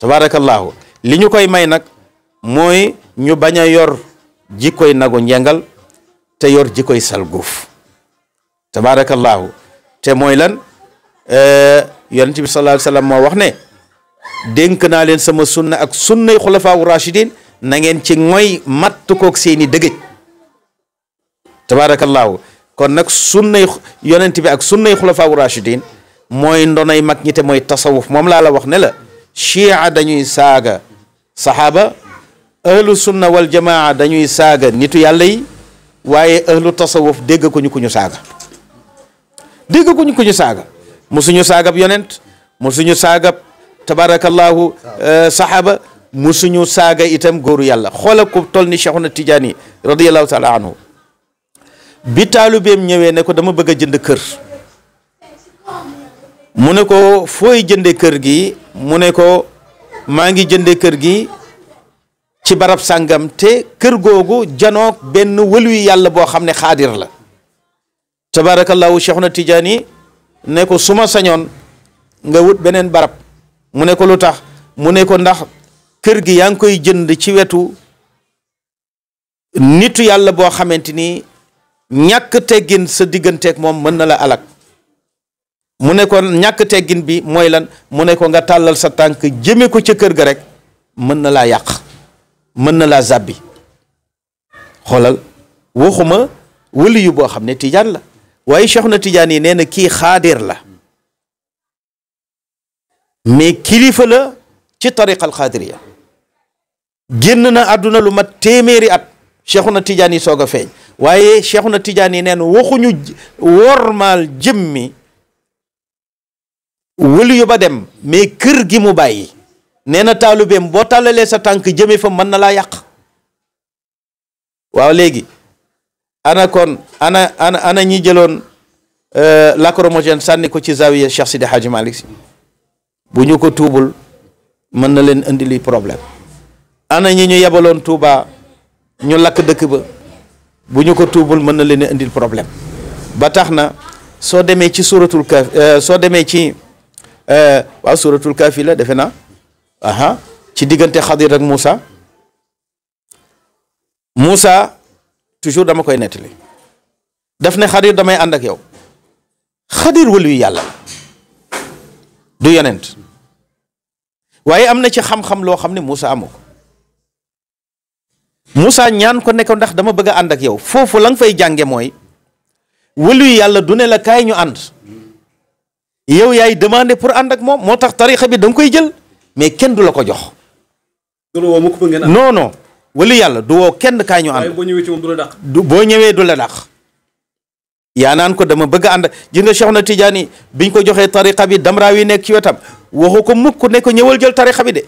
tabaarakallaahu li ñu koy may nag mooy ñu bañ a yor jikkoy nagu njengal te yor jikkoy salguuf tabaarakallaahu te mooy lan eh, yonent bi sallallaahu alayhi wa sallam moo wax ne dénk naa leen sama sunna ak sunnay xulafaawu rachidin na ngeen ci mooy matt koog seeni dëgëj tabaarakallaahu kon nag sunnay yonent bi ak sunnay xulafaawu rachidin mooy ndonay mag ñi te mooy tasawuf moom laa la wax ne la chia dañuy saaga saxaaba ahlu sunna wal jamaa dañuy saaga nitu yàlla yi waaye ahlu tasawuf dégg ko ñu ku ñu saaga dégg ko ñu ku suñu saaga musuñu saagab yonent musuñu saagab tabarakallahu eh, saxaaba musuñu saaga itam góoru yàlla xoola ku toll ni cheikhuna tijaani radiyallahu taala anhu bi taalubeem ñëwee ne ko dama bëgg a jënd kër mu ne ko fooy jënde kër gi mu ne ko maa ngi jënde kër gi ci barab sàngam te kër googu janoog benn wëluwi yàlla boo xam ne xaadir la tabaarakallahu cheikhuna tijaani ne ko suma ma sañoon nga wut beneen barab mu ne ko lu tax mu ne ko ndax kër gi yaa ngi koy jënd ci wetu nitu yàlla boo xamante ni ñàkk teggin sa digganteeg moom mën na la alak mu ne ko ñàkk teggin bi mooy lan mu ne ko nga tàllal sa tànk jëme ko ca kër ga rek mën na laa yàq mën na laa zàbbi xoolal waxuma wëli yu boo xam ne tijaan la waaye Cheikh na tijaan yi nee na kii xaadir la mais kilifa la ci tariqal xaadiriya génn na àdduna lu mat téeméeri at Cheikh na tijaan yi soog a feeñ waaye Cheikh na tijaan yi nee na waxuñu wormaal jëmmi wëli yu ba dem mais kër gi mu bàyyi nee na taalubeem boo tàllalee sa tànk jëme fa mën na laa yàq waaw léegi ana kon ana ana ana ñi jëloon euh, lacrymogène sànni ko ci zawiya Cheikh Sidi Hadji si bu ñu ko tuubul mën na leen indi li problème ana ñi ñu yebaloon Touba ñu lakk dëkk ba bu ñu ko tuubul mën na leen indil problème ba tax na soo demee ci suratul kaf euh, soo demee ci wa suratul kaafi la defe aha ci digante khadir ak musa musa toujours dama koy netali daf ne khadir damay ànd ak yow khadir wëlu yàlla du yonent waye amna ci xam-xam lo xam musa amuko musa ñaan ko ne ko ndax dama bëgg ànd ak yow fofu lang fay jànge moy wëlu yàlla du ne la kay ñu ànd yow yaay demandé pour ànd ak moom moo tax tarixa bi da nga koy jël mais kenn du la ko jox. du la woo mukk ba ngeen ànd. non non wala yàlla du woo kenn kaa ñu ànd. waaye boo ñëwee ci moom du la dàq. du boo ñëwee du la dàq. yaa naan ko dama bëgg a ànd ji nga Cheikh na Tidiane biñ ko joxee tarixa bi damraaw yi nekk ci wetam waxu ko mukk ne ko ñëwal jël tarixa bi de.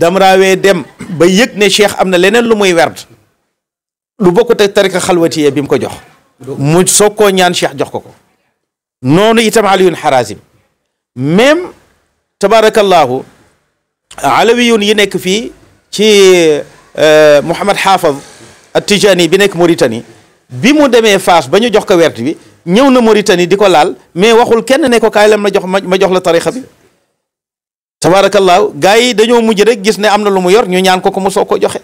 damraawee dem ba yëg ne Cheikh am na leneen lu muy werd lu bokkut ak tarixa xalwatiyee bi mu ko jox. mu soog koo ñaan Cheikh jox ko ko. noonu itam Aliyun Harazim ميم تبارك الله علوي ينك في تي آه، محمد حافظ التجاني بنك موريتاني بيمو ديمي فاس بانيو جوخ كو ويرت بي نييو نا مي واخول كين نيكو كايلام لا جوخ ما جوخ لا بي تبارك الله غاي دانيو موجي رك غيس ني يور ني نيان كوكو موسو كو جوخي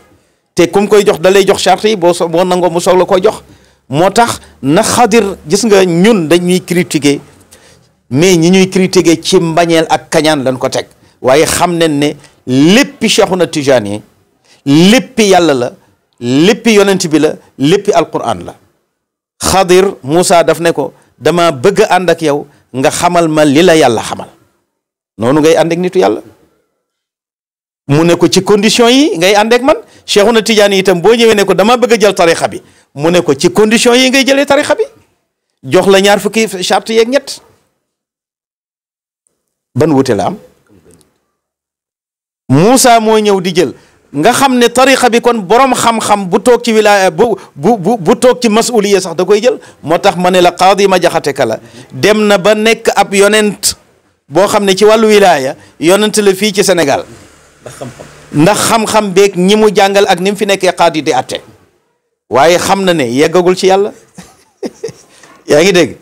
كوي جوخ دالاي جوخ شارتي بو بو نانغو موسو لا موتاخ نا خادر غيس nga ñun mais ñi ñuy critiquer ci mbañeel ak kañaan lañ ko teg waaye xam nen ne na Cheikhuna yi léppi yàlla la léppi yonent bi la léppi alquran la xadir Moussa daf ne ko dama bëgg ànd ak yow nga xamal ma li la yàlla xamal noonu ngay ànd nitu yàlla mu ne ko ci condition yi ngay àndeek man ak na Cheikhuna yi tam boo ñëwee ne ko dama bëgg a jël tarixa bi mu ne ko ci condition yi ngay jëlee tarixa bi jox la ñaar fukki charte yeeg ñett ban wute la am Moussa moo ñëw di jël nga xam ne tariqa bi kon boroom xam-xam bu toog ci wilaaya bu toog ci masuliya sax da koy jël moo tax ma ne la qaadi ma jaxate kala dem na ba nekk ab yonent boo xam ne ci wàllu wilaaya yonent la fii ci senegal ndax xam-xam ndax xam ñi mu jàngal ak ni fi nekkee qaadi di ate waaye xam na ne yeggagul ci yàlla yaa ngi dégg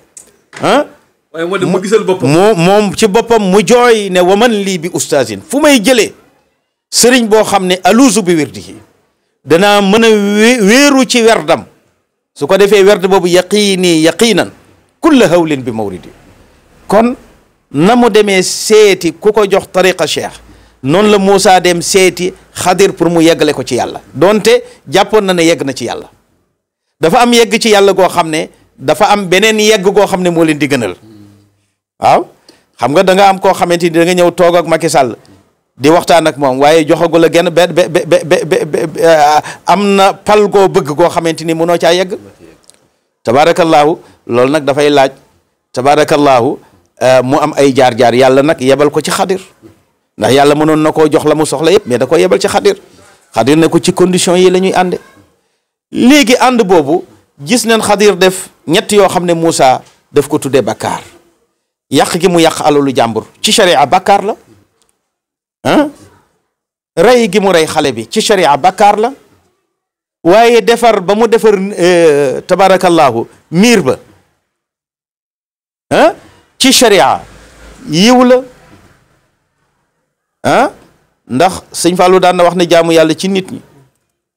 waaye moo dem mu gisal boppam moom ci boppam mu jooy ne waman lii bi ustaazin fu may jëlee sëriñ boo xam ne aluusu bi wirdihi danaa mën a weeru ci werdam su ko defee werd boobu yaqiini yaqiinan kulla hawlin bi mawridi kon na mu demee seeti ku ko jox tariqa cheikh noonu la Moussa dem seeti xadir pour mu yeggale ko ci yàlla donte jàppoon na ne yegg na ci yàlla dafa am yegg ci yàlla goo xam ne dafa am beneen yegg goo xam ne moo leen di gënal waaw xam nga danga am koo xamante ni da ñëw toog ak Macky Sall di waxtaan ak moom waaye joxagul a genn benn uh, am na pal koo bëgg goo xamante ni mënoo caa yegg tabaarakallaahu loolu nag dafay laaj tabaarakallaahu uh, mu am ay jaar-jaar yàlla nag yebal ko ci xadir ndax yàlla mënoon na koo jox la mu soxla yëpp mais da koo yebal ci xadir xadir ne ko ci condition yi lañuy ñuy ànde léegi ànd boobu gis neen xadir def ñett yoo xam ne Moussa def ko tuddee bakkaar yàq gi mu yàq alalu jàmbur ci sharia bàkkaar la ah rey gi mu rey xale bi ci sharia bàkkaar la waaye defar ba mu defar tabarakallahu miir ba ah ci sharia yiw la ah ndax sëñ Fallou daan na wax ne jaamu yàlla ci nit ñi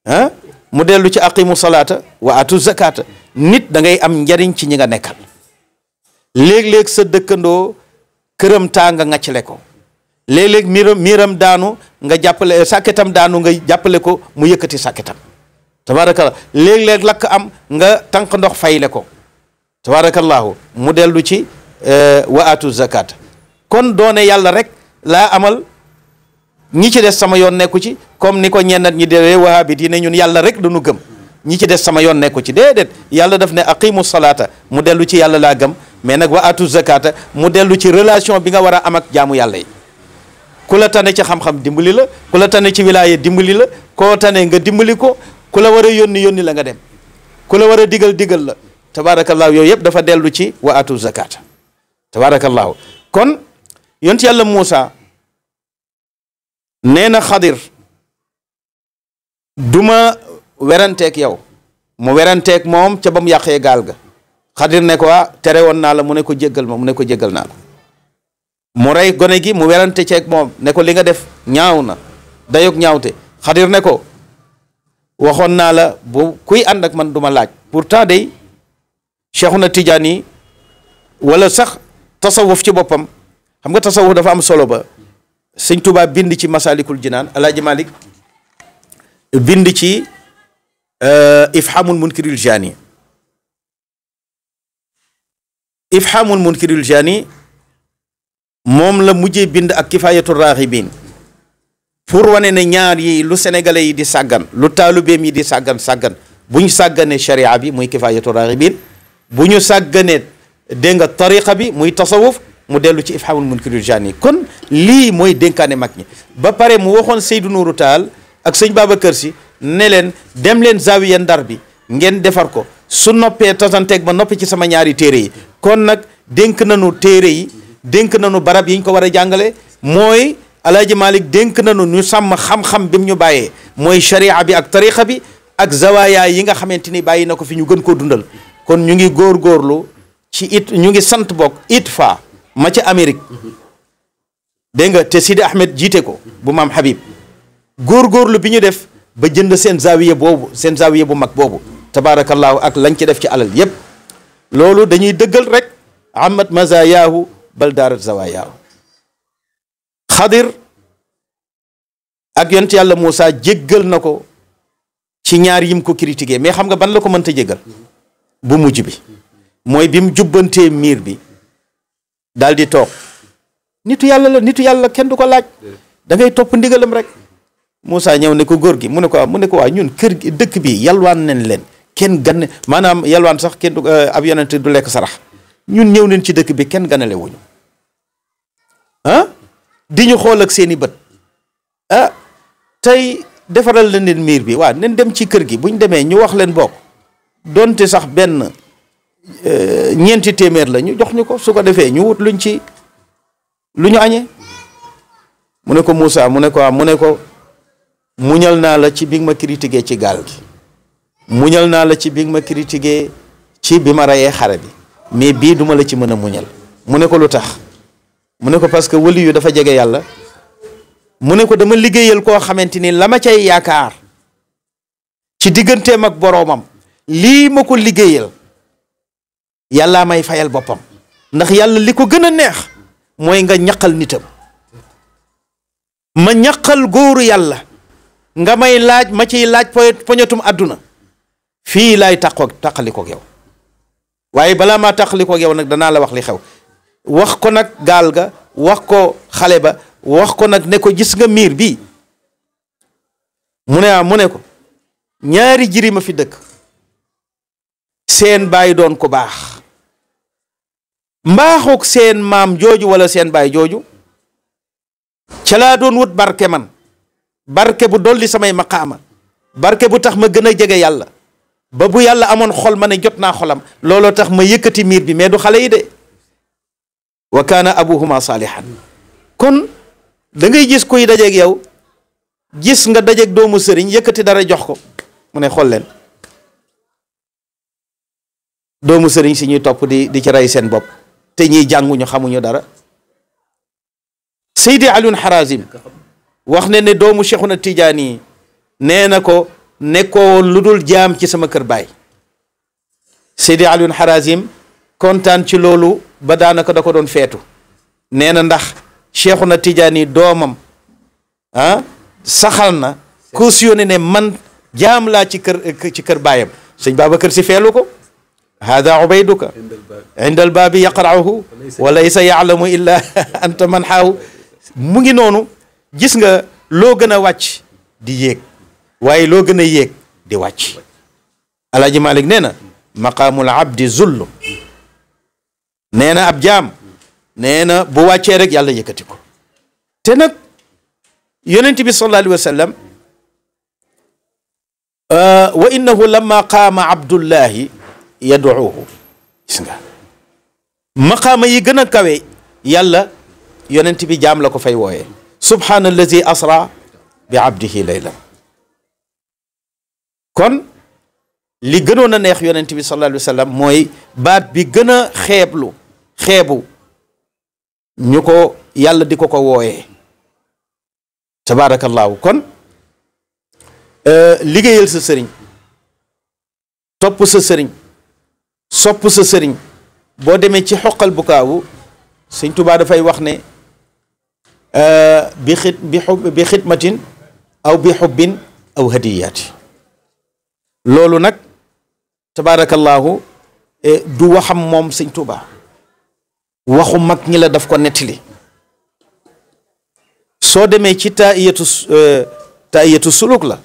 ah mu dellu ci aqimu salaata wa atu zakata nit da ngay am njariñ ci ñi nga nekkal léeg-léeg sa dëkkandoo këram taa nga ŋaccale ko léeg-léeg miiram miiram daanu nga jàppale sàkketam daanu nga jàppale ko mu yëkkati sàkketam tabaarakallaa léeg-léeg lakk am nga tànk ndox fayle ko tabaarakallaahu mu dellu ci eh, wa atu kon doone yàlla rek laa amal ñi ci des sama yoon nekku ci comme ni ko ñennat ñi dee wahabi yi ne ñun yàlla rek dañu gëm ñi ci des sama yoon nekku ci déedéet yàlla daf ne aqimu salaata mu dellu ci yàlla laa gëm mais nak wa atu zakata mu delu ci relation bi nga wara am ak jaamu yàlla yi ku la tane ci xam-xam dimbali la ku la tane ci wilaya dimbali la ko tane nga dimbali ko ku la war yoni yónni la nga dem ku la war digal digal la tabarakallah yooyu yëpp dafa delu ci wa atu zakata tabarakallah kon yonti yàlla musa nee khadir duma werante ak yow mu weranteeg moom ca ba mu yàqee gaal ga xadir ne ko ah, tere woon naa la mu ne ko jéggal ma mu ne ko jéggal naa la mu rey gone gi mu werante ceeg moom ne ko li nga def ñaaw na dayog ñaawte xadir ne ko waxoon naa la bu kuy ànd ak man duma laaj pourtant day Cheikhuna Tidiane yi wala sax tasawuf ci boppam xam nga tasawuf dafa am solo ba sëñ Tuubaa bind ci masalikul jinaan alaaji Malik bind ci euh, ifhamul munkiril jaani ifhamul munkiril jani moom la mujjee bind ak kifayatul raghibin pour wane ne ñaar yi lu sénégalais yi di sàggan lu taalu taalubeem yi di sàggan sàggan bu ñu sàgganee sharia bi muy kifayatul raghibin bu ñu sàgganee dégg nga tariqa bi muy tasawuf mu dellu ci ifhamul munkiril jani kon lii mooy dénkaane mag ñi ba pare mu waxoon seydu Nourou Taal ak sëñ kër Si ne leen dem leen zawiya ndar bi ngeen defar ko su noppee tasanteeg ma noppi ci sama ñaari téere yi kon nag dénk nañu téere yi dénk nañu barab yiñ ko war a jàngale mooy alaaji malik dénk nañu ñu sàmm xam-xam bi ñu bàyyee mooy sharia bi ak tarixa bi ak zawaya yi nga xamante ni bàyyi na ko fi ñu gën koo dundal kon ñu ngi góorgóorlu ci it ñu ngi sant bokk it fa ma ci Amérique dégg nga te Sidi Ahmed jiite ko bu maam Habib góorgóorlu bi ñu def ba jënd seen zawiya boobu seen zawiya bu mag boobu tabaarakallaahu ak lañ ci def ci alal yépp loolu dañuy dëggal amat mazayaahu bal daarat zawayaahu xadir ak yonent yàlla Moussa jéggal na ko ci ñaar yim ko critiqué mais xam nga ban la ko mënta jéggal bu mujj bi mooy bi mu jubbantee miir bi daal di toog nitu yàlla la nitu yàlla kenn du ko laaj da ngay topp ndigalam rek Moussa ñëw ne ko góor gi mu ne ko waaw mu ne ko waaw ñun kër gi dëkk bi yalwaan nañ leen kenn ganne maanaam yalwaan sax kenn du ab yonent du lekk sarax ñun ñëw neen ci dëkk bi kenn ganale ah di ñu xool ak seeni bët ah tey defaral leen leen miir bi waa nen dem ci kër gi buñ demee ñu wax leen bokk donte sax benn eh, ñeenti téeméer la ñu jox ñu ko su ko defee ñu wut luñ ci lu ñu añee mu ne ko Moussa mu ne ko ah, mu ne ko muñal naa la ci bi nga ma critiqué ci gaal gi muñal naa la ci bi nga ma critiqué ci bi ma reyee xare bi mais bii duma la ci mën a muñal mu ne ko lu tax mu ne ko parce que wali yu dafa jege yàlla mu ne ko dama liggéeyal koo xamante ni la ma cay yaakaar ci digganteem ak boroomam lii ma ko liggéeyal yàllaa may fayal boppam ndax yàlla li ko gën a neex mooy nga ñaqal nitam ma ñaqal góoru yàlla nga may laaj ma ciy laaj poñetum àdduna fii laay tàqoo tàqali ko yow waye bala ma takhliko ko yow nak dana la wax li xew wax ko nak gal ga wax ko xale ba wax ko nak ne ko gis nga mir bi mune ah, ne ko ñaari ma fi dekk seen doon ko seen mam joju wala seen joju la doon wut barke man barke bu doli samay maqama barke bu tax ma gëna a yalla ba bu yàlla amoon xol ma ne jot naa xolam looloo tax ma yëkkati miir bi mais du xale yi de wa kaana abuhuma saalihan kon dangay gis koy dajeeg yow gis nga dajeeg doomu sëriñ yëkkati dara jox ko mu ne xool leen doomu sëriñ si ñuy topp di di ci ray seen bopp te ñuy jànguñu xamuñu dara Seydi Alioune Harazim wax ne ne doomu Cheikhuna Tidiane yi nee na ko nekkoo lu dul jaam ci sama kër baay Seydi Alioune Harazim kontaan ci loolu ba daanaka da ko doon feetu nee na ndax Cheikhuna Tidiane doomam ah saxal na cautionné ne man jaam laa ci kër ci kër baayam sëñ Babacar si feelu ko hada ubayduka inda al baabi yaqra'uhu wa laysa ya'lamu illa anta man xaahu mu ngi noonu gis nga loo gën a wàcc di yéeg waye lo gëna yek di wàcc alaaji malik neena maqamul abd zul neena abjam neena bu wacce rek yàlla yëkëti ko te nak yonent bi sallallahu alayhi wasallam wa innahu lamma qama abdullah yad'uhu gis maqama yi gëna kawe yàlla yonent bi jaam la ko fay woyé subhanallazi asra bi abdihi laylan kon li gënoon a neex yonent bi sallallahu alayhi wasallam moy baat bi gën xéblu xébu ñuko yàlla diko ko woyé tabarakallah kon euh liggéeyal sa sëriñ top sa sëriñ sop sa sëriñ bo démé ci xoqal bukaawu sëñ touba da fay wax ne euh bi xit bi bi xitmatin aw bi hubbin aw hadiyatin loolu nag tabaarakallaahu eh, du waxam moom sëñ Tuuba waxu mag ñi la daf ko nettali soo demee ci taayatu eh, taayatu suluk la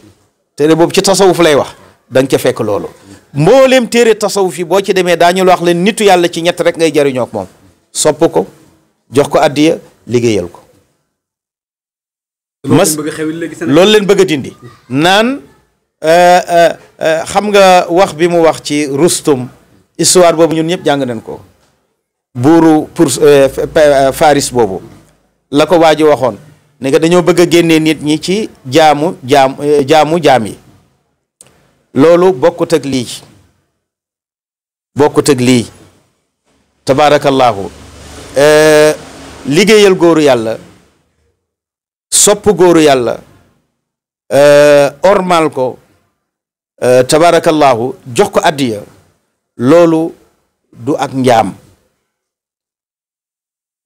téere boobu ci tasawuf lay wax da nga fekk loolu mbooleem téere tasawuf yi boo ci demee daañu la wax leen nitu yàlla ci ñett rek ngay jariñoo moom sopp ko jox ko addiya liggéeyal ko mas loolu leen bëgg a dindi naan Euh, euh, euh, xam nga wax bi mu wax ci rustum histoire boobu ñun ñëpp jàng nañ ko buuru pour faris boobu la ko waa ji waxoon ne dañoo bëgg a génnee nit ñi ci jaamu jaam jaamu jaam yi loolu bokkut ak lii bokkut ak lii tabaarakallaahu liggéeyal góoru yàlla sopp góoru yàlla ormal ko Euh, tabaarakallaahu jox ko addiya loolu du ak njaam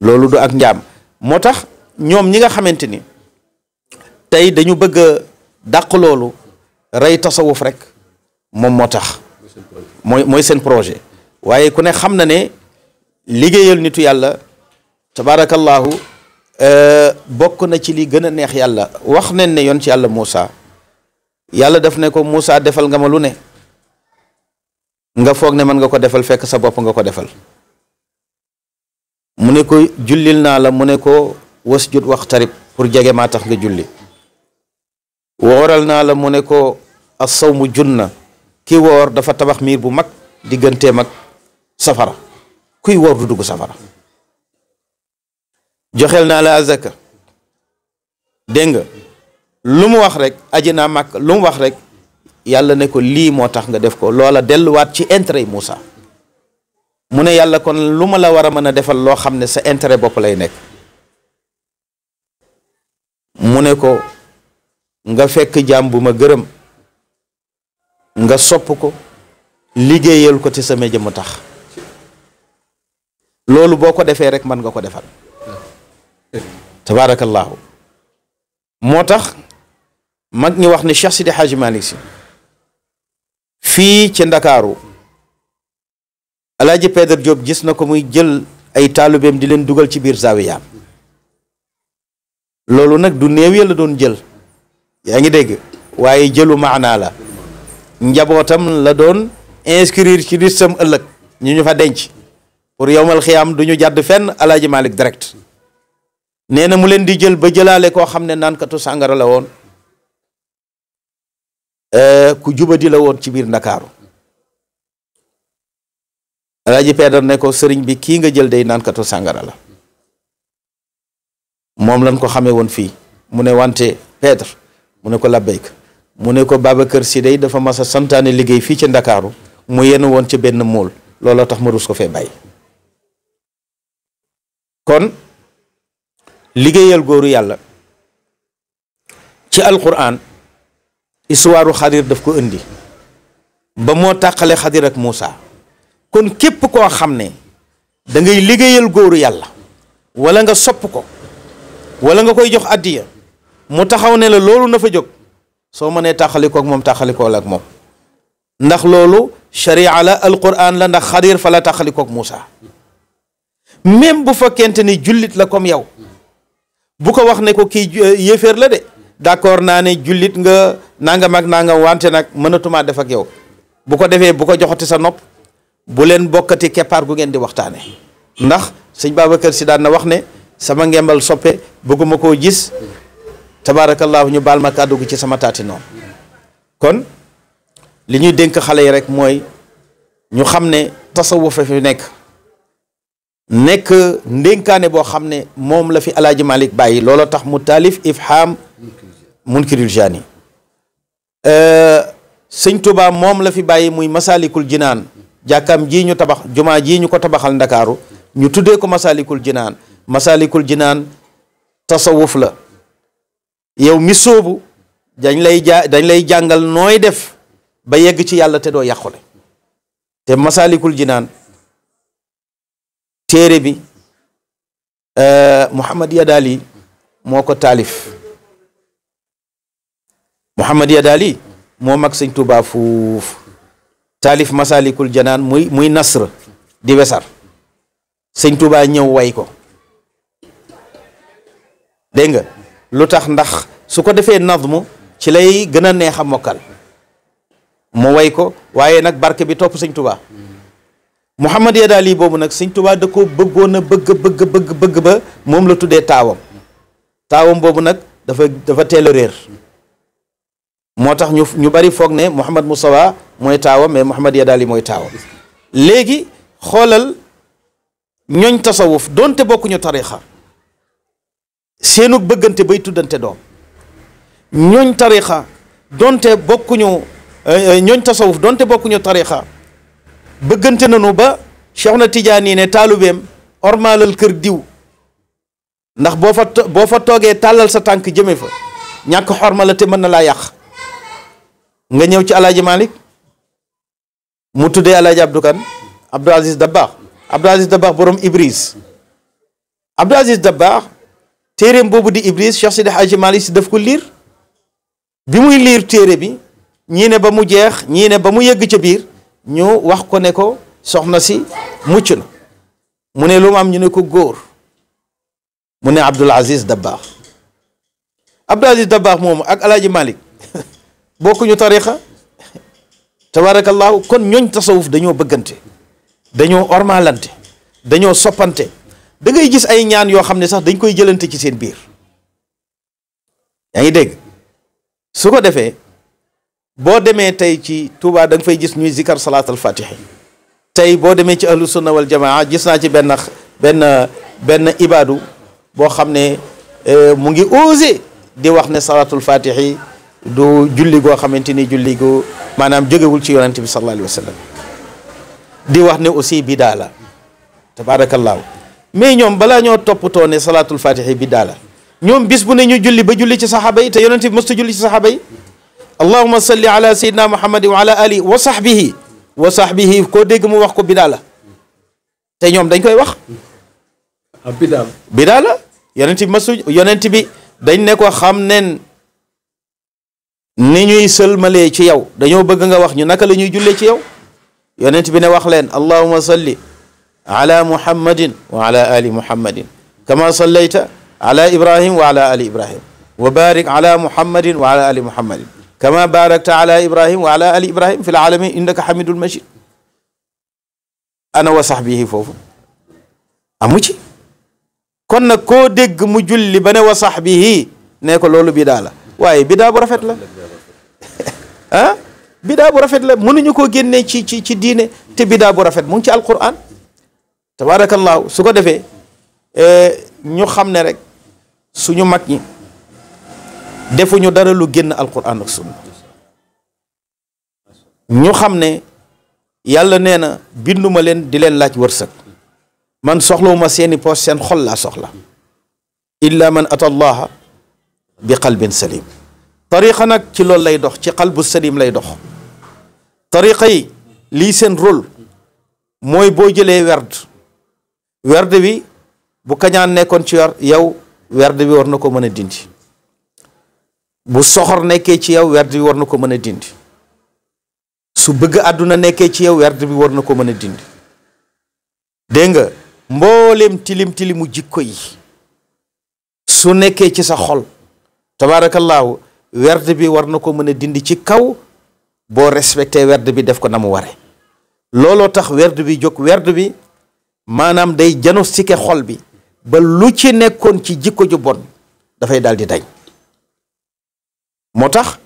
loolu du ak njaam moo tax ñoom ñi nga xamante ni tey dañu bëgg a dàq loolu rey tasawuf rek moom moo tax mooy mooy seen projet waaye ku ne xam na ne liggéeyal nitu yàlla tabaarakallaahu euh, bokk na ci li gën a neex yàlla wax nañ ne yoon ci yàlla Moussa yàlla def ne ko Moussa defal nga ma lu ne nga foog ne mën nga ko defal fekk sa bopp nga ko defal mu ne ko jullil naa la mu ne ko wasjud waxtarib pour jege maa tax nga julli wooral naa la mu ne ko as-sawmu junna ki woor dafa tabax miir bu mag diggante mag safara kuy woor du safara joxel naa la azaka dégg lu mu wax rek aji naa màkk lu mu wax rek yàlla ne ko lii moo tax nga def ko loola delluwaat ci intérêt Moussa mu ne yàlla kon lu ma la war a mën a defal loo xam ne sa intérêt bopp lay nekk mu ne ko nga fekk jaam bu ma gërëm nga sopp ko liggéeyal ko ci sama jëmm tax loolu boo ko defee rek mën nga ko defal tabaarakallaahu moo tax mag ñi wax ne Cheikh Sidi Hadji Malick si fii ci ndakaaru alaaji Pedre Diop gis na ko muy jël ay taalibeem di leen dugal ci biir zawiyaam loolu nag du néew ya la doon jël yaa ngi dégg waaye jëlu maanaa la njabootam la doon inscrire ci listam ëllëg ñu ñu fa denc pour yowmal xiyaam du ñu jàdd fenn alaaji Malick direct nee na mu leen di jël ba jëlaale koo xam ne naankatu sàngara la woon Eh, ku jubadi la won ci bir dakaru radi pedal ne ko serigne bi ki nga jël day nan kato sangara la mom lan ko xamee won fi mune wante Pedre Mune ko labbeek Mune ko babakar sidey dafa massa santane santaane fi ci dakaru mu yenn won ci ben mool lolo tax ma rus ko fe bay kon liggéeyal goru yalla ci alquran histoire xadir daf ko indi ba moo tàqale xadir ak Moussa kon képp koo xam ne da ngay liggéeyal góoru yàlla wala nga sopp ko wala nga koy jox addiya mu taxaw ne la loolu na fa jóg soo mënee tàqalikoo ak moom tàqalikoo la ak moom ndax loolu sharia la alquran la ndax xadir fa la tàqalikoo ak Moussa même bu fekkente ni jullit la comme yow bu ko wax ne ko kii euh, yéeféer la de d'accord naa ne jullit nga nangam ak nangam wante nag mënatumaa def ak yow bu ko defee bu ko joxati sa nopp bu leen bokkati keppaar gu ngeen di waxtaane ndax sëñ Babacar si daan na wax ne sama ngembal soppe bëgguma koo gis tabaarakallaahu ñu baal ma kàddu gi ci sama taati noonu kon li ñuy dénk xale yi rek mooy ñu xam ne tasawuf fi nekk nekk ndénkaane boo xam ne moom la fi alaaji Malik bàyyi looloo tax mu taalif ifham munkiril jaani euh, sëñ Touba moom la fi bàyyi muy masalikul jinaan jàkkaam jii ñu tabax jumaa jii ñu ko tabaxal ndakaaru ñu tuddee ko masalikul jinaan masalikul jinaan tasawuf la yow mi soobu dañ lay ja dañ lay jàngal nooy def ba yegg ci yàlla te doo yàqule te masalikul jinaan téere bi euh, Mouhamad Yadali moo ko taalif Mouhamad Yadaali moom ak sëñ Touba fuuf taalif Masalikul Janaan muy muy Nasr di wesar sëñ Touba ñëw way ko dégg nga lu tax ndax su ko defee nazmu ci lay gën a neex a mokkal mu way ko waaye nag barke bi topp sëñ Touba Mouhamad Yadaali boobu nag sëñ Touba da ko bëggoon a bëgg bëgg ba moom la tuddee taawam taawam boobu nag dafa dafa teel a réer. motax ñu ñu bari foog ne mohammed Moussawa moy taawam mais mohammed yadali moy taawam legi xolal ñoñ tasawuf donte bokku ñu tariixa seenu bëggante bay tuddante doom ñoñ tariixa donte bokku ñu ñoñ tasawuf donte bokku ñu tariixa bëggante nanu ba cheikhna na Tidiane ne talubem ormalal kër diw ndax bo fa bo fa toge talal sa tànk jëme fa ñàkk xorma la te mën na laa yàq nga ñëw ci alaaji malik mu tuddee alaaji Abdou Kan Abdou Aziz Dabakh Abdou Aziz Dabakh borom Ibris Abdou Aziz Dabakh téereem boobu di Ibris Cheikh Sidi Hadji Malick si daf ko liir bi muy liir téere bi ñiine ba mu jeex ñiine ba mu yëgg ca biir ñu wax ko ne ko soxna si mucc na mu ne lu mu am ñu ne ko góor mu ne Abdou Aziz Dabakh Abdou Aziz Dabakh moomu ak alaaji Malick bokkuñu tariqa tabaarakallaahu kon ñooñ tasawuf dañoo bëggante dañoo ormalante dañoo soppante dangay gis ay ñaan yoo xam ne sax dañ koy jëlante ci seen biir yaa ngi dégg su ko defee boo demee tey ci tuubaa danga fay gis ñuy zikar salaatal fatihi tey boo demee ci ahlu sunna wal gis naa ci benn benn benn ibaadu boo xam ne eh, mu ngi osé di wax ne salaatul fatihi du julli goo xamante ni julli gu maanaam jógewul ci yonent bi sallallahu alayhi wa di wax ne aussi bidaa la tabaarakallaahu mais ñoom balaa ñoo toppatoo ne salaatul fatihi bidaa la ñoom bis bu ne ñu julli ba julli ci saxaaba yi te yonent bi mësta julli ci saxaaba yi ma salli ala sayidina muhammadin wa ala alihi wa sahbihi wa sahbihi koo dégg mu wax ko bidaa la ñoom dañ koy wax ah, bidaa la bidaa bi mësta yonent bi dañ ne ko xam nen ni ñuy sëlmalee ci yow dañoo bëgg nga wax ñu naka la ñuy jullee ci yow yonent bi ne wax leen allahuma salli ala muhammadin wa ala ali muhammadin kama sallayta ala ibrahim wa ala ali ibrahim wa barik ala muhammadin wa ala ali muhammadin kama barakta ala ibrahim wa ala ali ibrahim fi lalamin innaka hamidul majid ana wa sahbihi foofu amu ci kon nag koo dégg mu julli ba ne wa sahbihi ne ko loolu bidaa la waaye bidaa bu rafet la ah bidaa bu rafet la mënuñu koo génne ci ci ci diine te biddaa bu rafet mu ngi ci alquran tabaarakallaahu su ko defee eh, ñu xam ne rek suñu mag ñi defuñu dara lu génn alquran ak sunna ñu xam ne yàlla nee na binduma leen di leen laaj wërsëg man soxlawuma seeni poos seen xol laa soxla illa man ata allaha bi qalbin salim tariqa nag ci loolu lay dox ci xal bu salim lay dox tariqa yi lii seen rôle mooy boo jëlee werd werd wi bu kañaan nekkoon ci yor yow werd bi war na ko mën a dindi bu soxor nekkee ci yow werd wi war na ko mën a dindi su bëgg àdduna nekkee ci yow werd bi war na ko mën a dindi dégg nga mbooleem tilim tilimu jikko yi su nekkee ci sa xol tabaarakallaahu werd bi war na ko mën a dindi ci kaw boo respecté werd bi def ko na mu ware looloo tax werd bi jóg werd bi maanaam day diagnostiquer xol bi ba lu ci nekkoon ci jikko ju bon dafay daal di dañ moo tax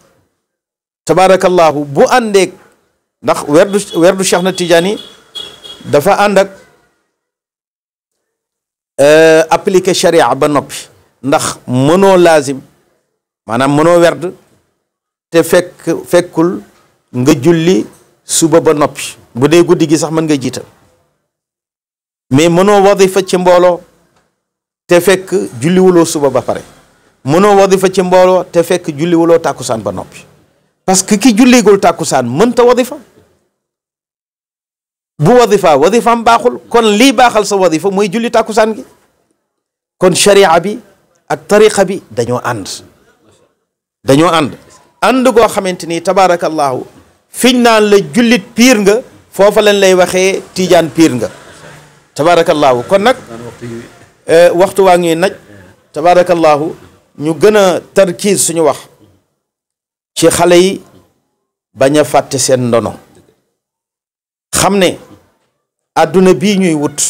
tabaarakallaahu bu àndeeg ndax werdu werdu Cheikh na Tidiane dafa ànd ak euh, appliquer sharia ba noppi ndax mënoo laazim maanaam mënoo werd te fekk fekkul nga julli suba ba noppi bu dee guddi gi sax mën nga jiita mais mënoo wadifa ci mbooloo te fekk julliwuloo suba ba pare mënoo wadifa ci mbooloo te fekk julliwuloo tàkkusaan ba noppi parce que ki julligul tàkkusaan mënta wadifa bu wadifa wadifaam baaxul kon lii baaxal sa wadifa mooy julli tàkkusaan gi kon sharia bi ak tariqa bi dañoo ànd dañoo ànd ànd goo xamante ni tabaarakallaahu fiñ naan la jullit piir nga foofa lañ lay waxee tiijaan piir nga tabaarakallaahu kon nag eh, waxtu waa ngi naj tabaarakallaahu ñu gën a tarkiis suñu wax ci xale yi bañ a fàtte seen ndono xam ne àdduna bi ñuy wut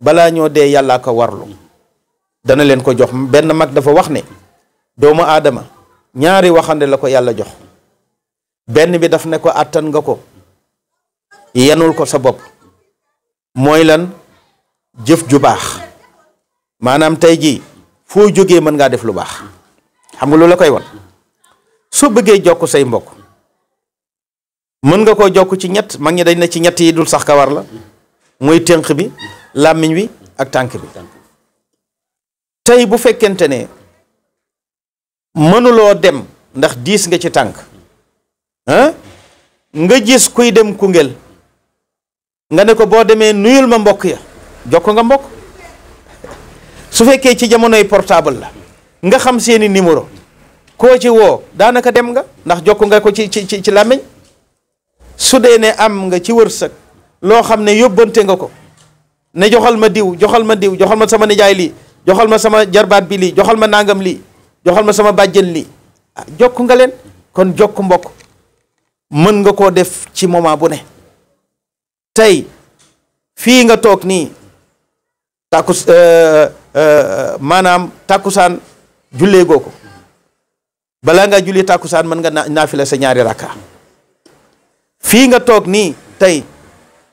balaa ñoo dee yàllaa ko warlu dana leen ko jox benn mag dafa wax ne doomu aadama ñaari waxande la ko yàlla jox benn bi daf ne ko àttan nga ko yenul ko sa bopp mooy lan jëf ju baax maanaam tey jii foo jógee mën ngaa def lu baax xam nga lu la koy won soo bëggee jokk say mbokk mën nga koo jokk ci ñett mag ñi dañ ne ci ñett yi dul sax kawar la muy tënk bi làmmiñ wi ak tànk bi tey bu fekkente ne mënuloo dem ndax diis nga ci tànk nga gis kuy dem Koungheul nga ne ko boo demee nuyul ma mbokk ya jokk nga mbokk su fekkee ci jamonoy portable la nga xam seeni numéro koo ci woo daanaka dem nga ndax jokk nga ko ci ci ci làmmiñ su dee ne am nga ci wërsëg loo xam ne yóbbante nga ko ne joxal ma diw joxal ma diw joxal ma sama nijaay lii joxal ma sama jarbaat bi lii joxal ma nangam lii joxal ma sama bàjjen li ah jokk nga leen kon jokk mbokk mën nga koo def ci moment bu ne tey fii nga toog nii tàkku euh, euh, euh, maanaam tàkkusaan jullee goo ko balaa ngaa julli tàkkusaan mën nga naafila sa ñaari rakka fii nga toog nii tey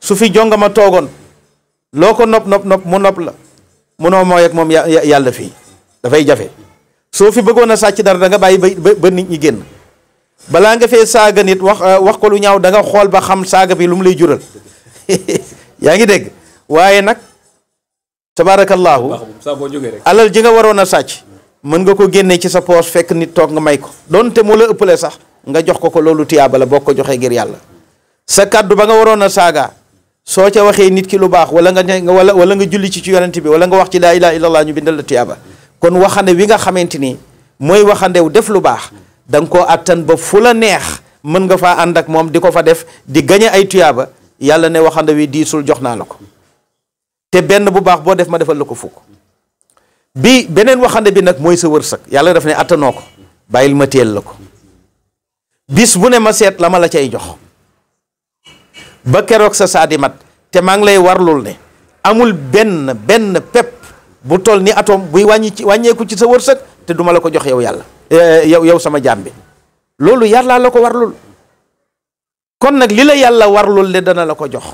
su fi jongama toogoon loo ko nopp nopp nopp mu nopp la munoo mooy ak moom yàlla fii dafay jafe so fi bëggoon a sàcc dara da nga bàyyi ba nit ñi genn bala nga fe saga nit wax wax ko lu ñaaw da nga xol ba xam saga bi lu mu lay jural yaa ngi dégg waaye nag tabaarakallaahu alal ji nga waroon a sàcc nga ko genné ci sa poche fekk nit tok nga may ko doonte mo la ëppale sax nga jox ko ko tiyaba la joxe gir yalla sa kaddu ba nga ca waxe nit ki lu bax wala nga wala nga julli ci ci yonent bi wala nga wax ci la ilaha illallah ñu bindal la kon waxande wi nga xamanteni moy waxande wu def lu bax dang ko atan ba fula neex mën nga fa ànd ak moom di fa def di gagner ay tuyaaba yalla ne waxande wi diisul jox te benn bu bax bo def ma defal lako fuk bi benen waxande bi nak moy sa wërsëg yalla daf ne atanoko bayil ma lako bis bu ne ma set lama la cey jox ba sa mat te mang lay warlul ne amul ben ben pep bu toll ni atome buy wàññi ci wàññeeku ci sa wërsëg te duma la ko jox yow yàlla eh, yow yow sama jaam bi loolu yàllaa la ko warlul kon nag li la yàlla warlul de dana la ko jox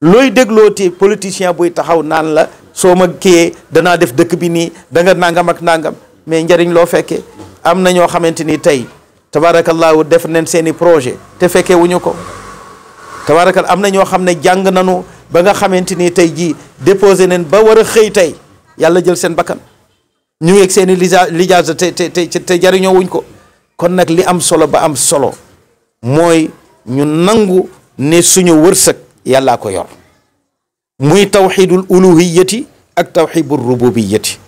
looy déglooti politicien buy taxaw naan la soo ma kiyee danaa def dëkk bi nii danga nàngam ak nàngam mais njariñ loo fekkee am na ñoo xamante ni tey tabaarakallaahu def nañ seeni projet te fekkee wuñu ko tabaarakal am na ñoo xam ne jàng nanu ba nga xamanteni tay ji déposé nen ba wara xëy tay yàlla jël sen bakam ñu yek sen lijaz te te te te wuñ ko kon nak li am solo ba am solo moy ñu nangu ne suñu wërsek yalla ko yor muy tawhidul uluhiyyati ak tawhidur rububiyyati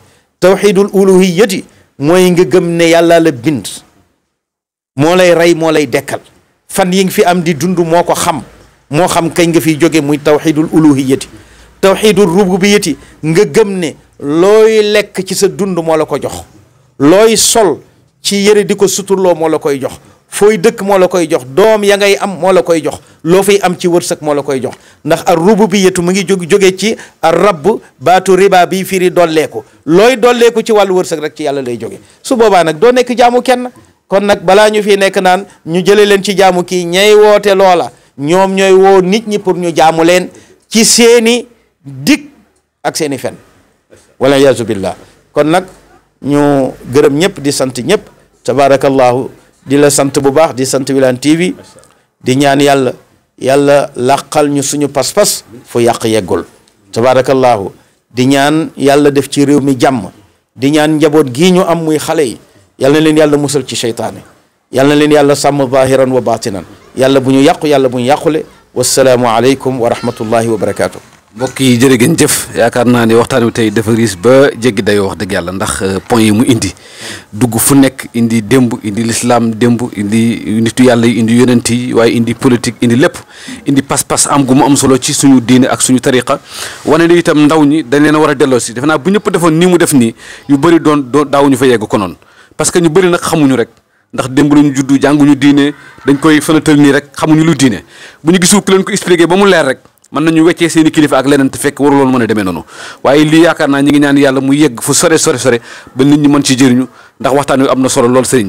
tawhidul uluhiyyati moy nga gëm ne yàlla la bind molay lay rey lay dekkal fan yi fi am di dundu moko xam mo xam kay nga fi jóge muy tawhidul uluhiyyati tawhidur rububiyyati nga gëm ne loy lek ci sa dund mo la ko jox loy sol ci yëre diko suturlo mo la koy jox foy dëkk mo la koy jox dom ya ngay am mo la koy jox lo fay am ci wërsëg mo la koy jox ndax ar rububiyyatu mu ngi jóg jóge ci ar rabb batu riba bi firi doleku loy doleku ci wàllu wërsëg rek ci yàlla lay jóge su boba nak do nek jaamu kenn kon nak bala ñu fi nek naan ñu jële len ci jaamu ki ñay wote lola ñom ñoy wo nit ñi pour ñu jaamu len ci seeni dik ak seeni fen wala yaasu billah kon nak ñu gërëm ñep di sant ñep tabarakallah di la sant bu baax di sant wilan TV di ñaan yalla yalla laqal ñu suñu pas-pas fu yaq yegul tabarakallah di ñaan yalla def ci rew mi jam di ñaan njabot gi ñu am muy xalé yi yalla na leen yalla musal ci shaytané يالنا لين يالله سام ظاهرا وباطنا يالله بنيو يقو يالله بنيو يقله والسلام عليكم ورحمة الله وبركاته بكي جري جنتف يا كارنا ني وقتان وتي دفريس با جيغ دايو وخ دغ يالله ندخ بوين مو اندي دوغ فو نيك اندي ديمبو اندي الاسلام ديمبو اندي نيتو يالله اندي يوننتي واي اندي بوليتيك اندي لب اندي باس باس ام غوم ام سولو سي سونو دين اك سونو طريقه وانا لي تام ندوني دان لينا ورا ديلو سي دفنا بو نيب ديفون ني مو ديف ني يو بري دون داو ني فا ييغ كونون باسكو ني بري نا خامو ني ريك ndax démb ñu juddu jànguñu diine dañ koy fënatal nii rek xamuñu lu diine bu ñu gisul ku leen ko expliqué ba mu leer rek mën nañu weccee seen kilifa ak leneen te fekk waruloon mën a demee noonu waaye lii yaakaar naa ñi ngi ñaan yàlla mu yegg fu sore sore sore ba nit ñi mën ci jëriñu ndax waxtaan wi am na solo lool sëriñ bi